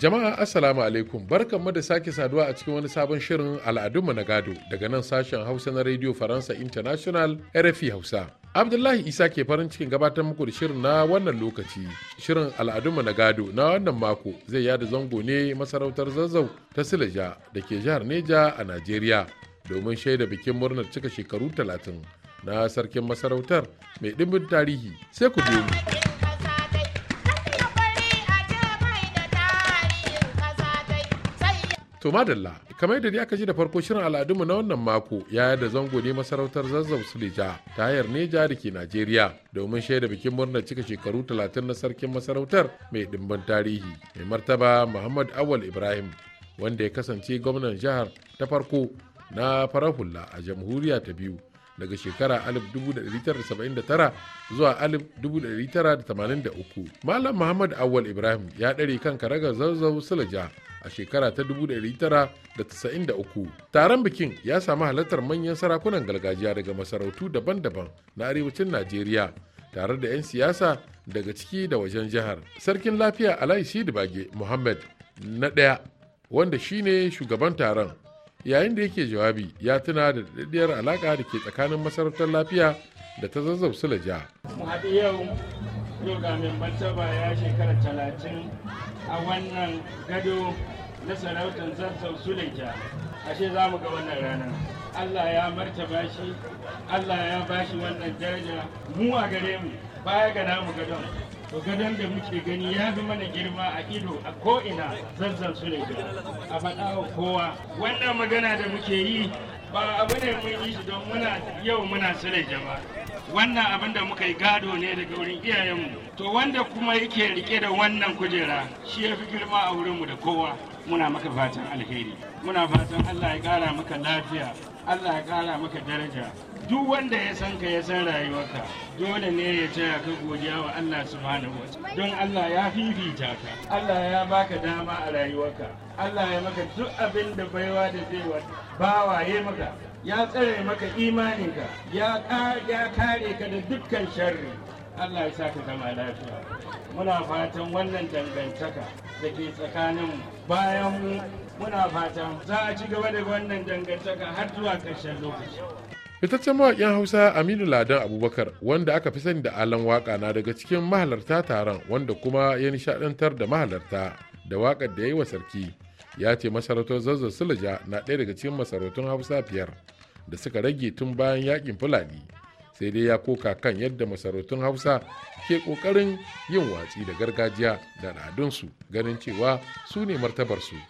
Jama'a Assalamu alaikum barkanmu da sake saduwa a cikin wani sabon shirin al'adunmu na gado daga nan sashen Hausa na Radio Faransa International RFI Hausa. Abdullahi Isa ke farin cikin gabatar muku da shirin na wannan lokaci. Shirin al'adunmu na gado na wannan mako zai yada zango ne masarautar zazzau ta Silaja da ke jihar Neja a Najeriya domin shaida bikin murnar cika shekaru talatin na sarkin masarautar mai dimbin tarihi sai ku biyo mu. To madalla, kamar yadda aka ji da farko shirin al'adunmu na wannan mako ya da zango ne masarautar zazzau Suleja ta hayar Neja da ke Najeriya domin shaida bikin murnar cika shekaru talatin na sarkin masarautar mai dimbin tarihi mai martaba Muhammad Awal Ibrahim wanda ya kasance gwamnan jihar ta farko na farahulla a jamhuriya ta biyu daga shekara 1979 zuwa 1983 malam muhammad awal ibrahim ya ɗare kan karagar zazzau sulaja a shekara ta 1993 taron bikin ya sami halartar manyan sarakunan gargajiya daga masarautu daban-daban na arewacin najeriya tare da 'yan siyasa daga ciki da wajen jihar sarkin lafiya alayi bage muhammad na ɗaya wanda shine shugaban taron yayin da yake jawabi ya tuna da daɗaɗɗiyar alaƙa da ke tsakanin masarautar lafiya da ta zazzab su mu haɗu yau yau ga ya shekara talatin a wannan gado na sarautar su ashe za mu ga wannan rana allah ya martaba shi allah ya bashi wannan daraja mu a gare mu baya ga namu gadon to gadon da muke gani ya fi mana girma a ido a ko'ina zazzan su ne a faɗa kowa wannan magana da muke yi ba abu ne mun yi shi don muna yau muna su jama wannan abin da muka yi gado ne daga wurin iyayenmu to wanda kuma yake rike da wannan kujera shi ya fi girma a wurinmu da kowa muna maka fatan alheri muna fatan Allah ya kara maka lafiya Allah ya kara maka daraja duk wanda ya san ka ya san rayuwarka dole ne ya taya ka godiya wa Allah subhanahu wa don Allah ya fifita ka Allah ya baka dama a rayuwarka Allah ya maka duk abin da baiwa da zai bawa ya maka ya tsare maka imaninka ya kare ka da dukkan sharri Allah ya sa zama lafiya muna fatan wannan dangantaka da ke tsakanin bayan mu muna fatan za a ci gaba da wannan dangantaka har zuwa ƙarshen lokaci fitaccen mawaƙin hausa aminu ladan abubakar wanda aka fi sani da alan waka na daga cikin mahalarta taron wanda kuma ya nishadantar da mahalarta da waƙar da ya yi wa sarki ya ce masarautar zazza sulaja na ɗaya daga cikin masarautun hausa biyar da suka rage tun bayan yakin fulani sai dai ya koka kan yadda masarautun hausa ke kokarin yin watsi da gargajiya da al'adunsu ganin cewa su ne martabarsu.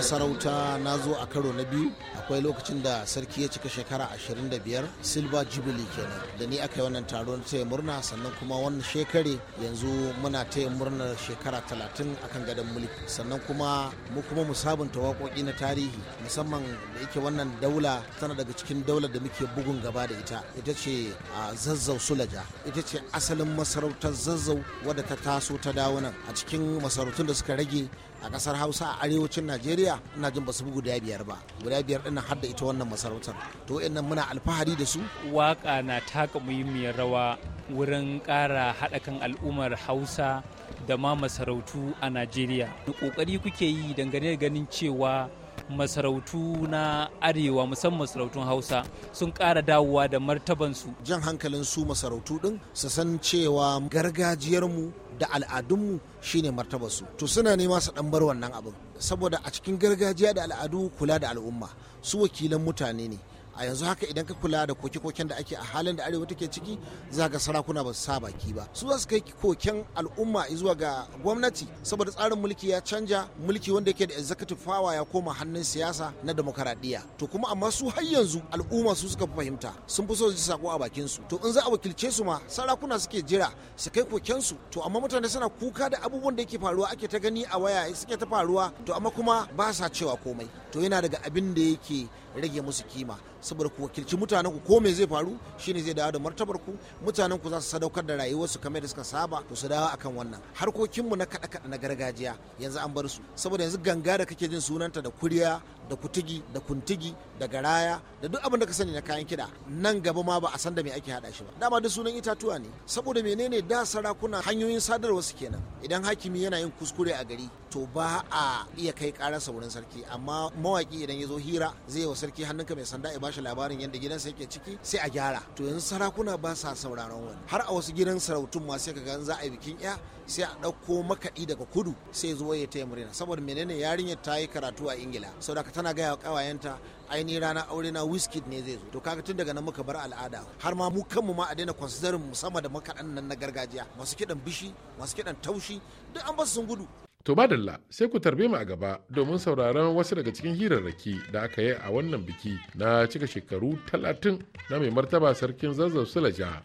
masarauta na zo a karo na biyu akwai lokacin da sarki ya cika shekara 25 silver jubilee kenan da ni aka yi wannan taro na taya murna sannan kuma wannan shekare yanzu muna taya murna shekara 30 akan gadon mulki sannan kuma mu kuma mu sabunta waƙoƙi na tarihi musamman da yake wannan daula tana daga cikin daula da muke bugun gaba da ita ita ce a zazzau sulaja ita ce asalin masarautar zazzau wadda ta taso ta dawo nan a cikin masarautun da suka rage a kasar hausa a arewacin najeriya ina jin ba su bugu guda biyar ba guda biyar ɗin hadda ita wannan masarautar to innan muna alfahari da su waka na taka muhimmiyar rawa wurin ƙara haɗa kan al'ummar hausa da ma masarautu a najeriya ƙoƙari kuke yi dangane da ganin cewa masarautu na arewa musamman masarautun hausa sun ƙara dawowa da martabansu jan hankalin su masarautu ɗin su san cewa gargajiyarmu da al'adunmu shine martabarsu to suna nema su dan bar wannan abin saboda a cikin gargajiya da al'adu kula da al'umma su wakilan mutane ne a yanzu haka idan ka kula da koke-koken da ake a halin da arewa take ciki za ga sarakuna ba su sa baki ba su za su kai koken al'umma zuwa ga gwamnati saboda tsarin mulki ya canja mulki wanda yake da executive power ya koma hannun siyasa na demokaradiyya to kuma amma su har yanzu al'umma su suka fahimta sun fi so su ji sako a bakin su to in za a wakilce su ma sarakuna suke jira su kai koken su to amma mutane suna kuka da abubuwan da yake faruwa ake ta gani a waya suke ta faruwa to amma kuma ba sa cewa komai to yana daga abin da yake rage musu kima saboda ku wakilci mutanen ku ko me zai faru shine zai dawo da martabar ku mutanen ku za su sadaukar da rayuwarsu kamar da suka saba to su dawo akan wannan harkokin mu na kada kada na gargajiya yanzu an bar su saboda yanzu ganga da kake jin sunanta da kuriya da kutigi da kuntigi da garaya da duk abin da ka sani na kayan kiɗa nan gaba ma ba a san da me ake hada shi ba dama duk sunan itatuwa ne saboda menene da sarakuna hanyoyin sadarwa su kenan idan hakimi yana yin kuskure a gari to ba a iya kai kararsa wurin sarki amma mawaƙi idan ya zo hira zai wa sarki hannunka mai sanda ya bashi labarin yadda gidansa yake ciki sai a gyara to yanzu sarakuna ba sa sauraron wani har a wasu gidan sarautun ma sai ka ga za a yi bikin ya sai a ɗauko makaɗi daga kudu sai zo ya taya murina saboda menene yarinyar ta yi karatu a ingila saboda tana gaya wa kawayenta ainihin rana aure na whisky ne zai zo to kaga tun daga nan muka bar al'ada har ma mu kanmu ma a daina considering mu sama da makaɗan nan na gargajiya masu kiɗan bishi masu kiɗan taushi duk an basu sun gudu to ba dalla sai ku tarbe mu a gaba domin sauraron wasu daga cikin hirarraki da aka yi a wannan biki na cika shekaru talatin na mai martaba sarkin zazzau sulaja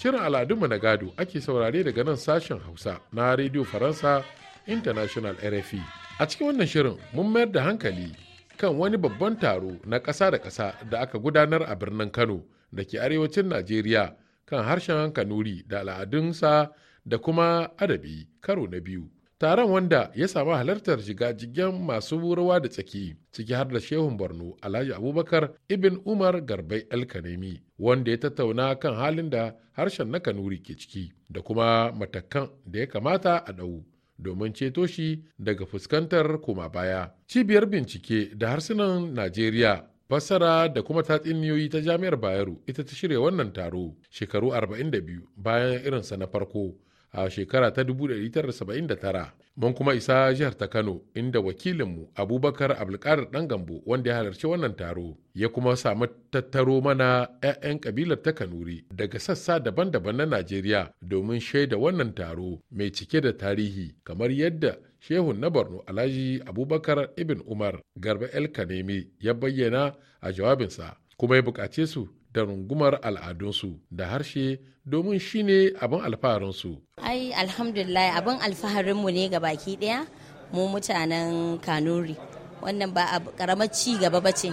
Shirin aladunmu na gado ake saurare daga nan sashen Hausa na Radio Faransa International RFI. A cikin wannan shirin mun mayar da hankali kan wani babban taro na ƙasa da ƙasa da aka gudanar a birnin Kano da ke arewacin Najeriya kan harshen Kanuri da al'adunsa da kuma adabi karo na biyu. taron wanda ya sami halartar shiga jigen masu rawa da tsaki ciki har da shehun borno alhaji abubakar ibn umar garbai alkanemi wanda ya tattauna kan halin da harshen na kanuri ke ciki da kuma matakan da ya kamata a ɗau domin ceto shi daga fuskantar koma baya cibiyar bincike da harsunan najeriya fassara da kuma tatsuniyoyi ta jami'ar bayero ita ta shirya wannan taro shekaru 42 bayan irinsa na farko a shekara ta 1979 mun kuma isa jihar ta kano inda wakilinmu abubakar abdulkadir dan gambo wanda ya halarci wannan taro ya kuma samu tattaro mana 'ya'yan kabilar ta kanuri daga sassa daban-daban na najeriya domin shaida wannan taro mai cike da tarihi kamar yadda shehun na borno alhaji abubakar ibn umar garba el kanemi ya bayyana a jawabinsa kuma ya bukaci su da rungumar al'adunsu da harshe domin shine abin alfaharinsu. Ai alhamdulillah abin alfaharinmu ne ga baki ɗaya mu mutanen Kanuri. Wannan ba a ƙaramar ci gaba ba ce.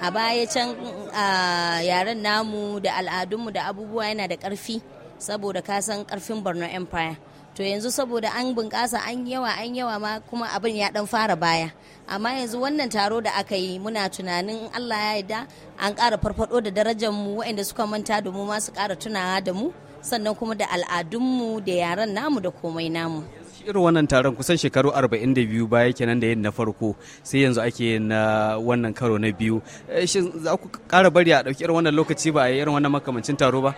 A baya can yaren namu da al'adunmu da abubuwa yana da ƙarfi saboda kasan ƙarfin Borno Empire. to yanzu saboda an bunƙasa an yawa an yawa ma kuma abin ya dan fara baya amma yanzu wannan taro da aka yi muna tunanin allah ya yarda an ƙara farfado da darajar mu waɗanda suka manta da mu ma su ƙara tunawa da mu sannan kuma da al'adunmu da yaran namu da komai namu irin wannan taron kusan shekaru 42 baya kenan da yin na farko sai yanzu ake na wannan karo na biyu eh, shin za ku ƙara bari a ɗauki irin wannan lokaci ba a yi irin wannan makamancin taro ba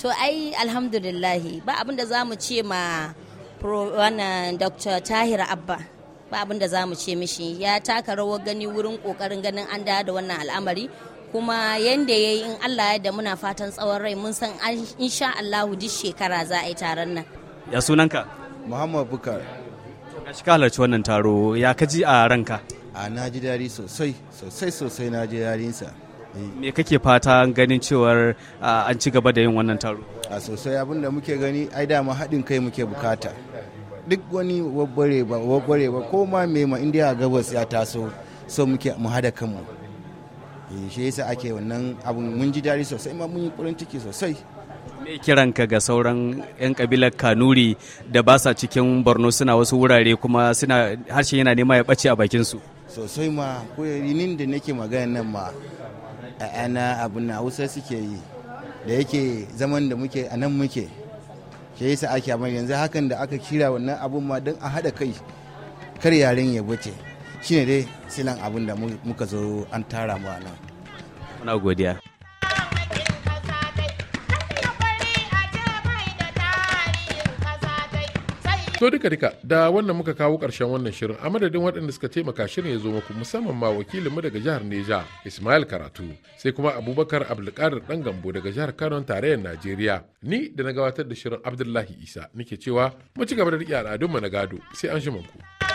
to ai alhamdulillahi ba abin da za mu ce ma wannan dr tahir abba ba abin da za mu ce mishi ya taka rawar gani wurin kokarin ganin an da da wannan al'amari kuma yanda ya yi in allah ya da muna fatan tsawon rai mun san insha allahu duk shekara za a yi taron nan ya sunanka muhammad bukar ga shi halarci wannan taro ya kaji a ranka a na ji daɗi sosai sosai sosai na ji daɗinsa me kake fata ganin cewar ah, an ci gaba da yin wannan taro a sosai abin da muke gani ai dama haɗin kai muke bukata duk wani wabbare ba wabbare ko ma me ma indiya gabas ya taso so muke mu hada kanmu eh, shi yasa ake wannan abun mun ji daɗi sosai ma mun yi kurin ciki sosai me kiranka ga sauran 'yan kabilar kanuri da ba sa cikin borno suna wasu wurare kuma suna harshen yana nema ya ɓace a bakinsu sosai ma ko da nake magana nan ma 'ya'yana abin na hausa suke yi da yake zaman da muke a nan muke shi yasa ake amma yanzu hakan da aka kira wannan abun ma don a haɗa kai kar yaren ya bace shine dai silan abun da muka zo an tara mu a nan godiya To duka duka da wannan muka kawo karshen wannan shirin a madadin waɗanda suka taimaka shirin ya zo muku musamman ma wakilin wakilinmu daga jihar Neja Ismail Karatu sai kuma Abubakar Abdulkadir ɗan Gambo daga jihar Kano tarayyar Najeriya ni da na gabatar da shirin Abdullahi Isa nake cewa mu ci gaba da riƙe al'adunmu na gado sai an shi ku.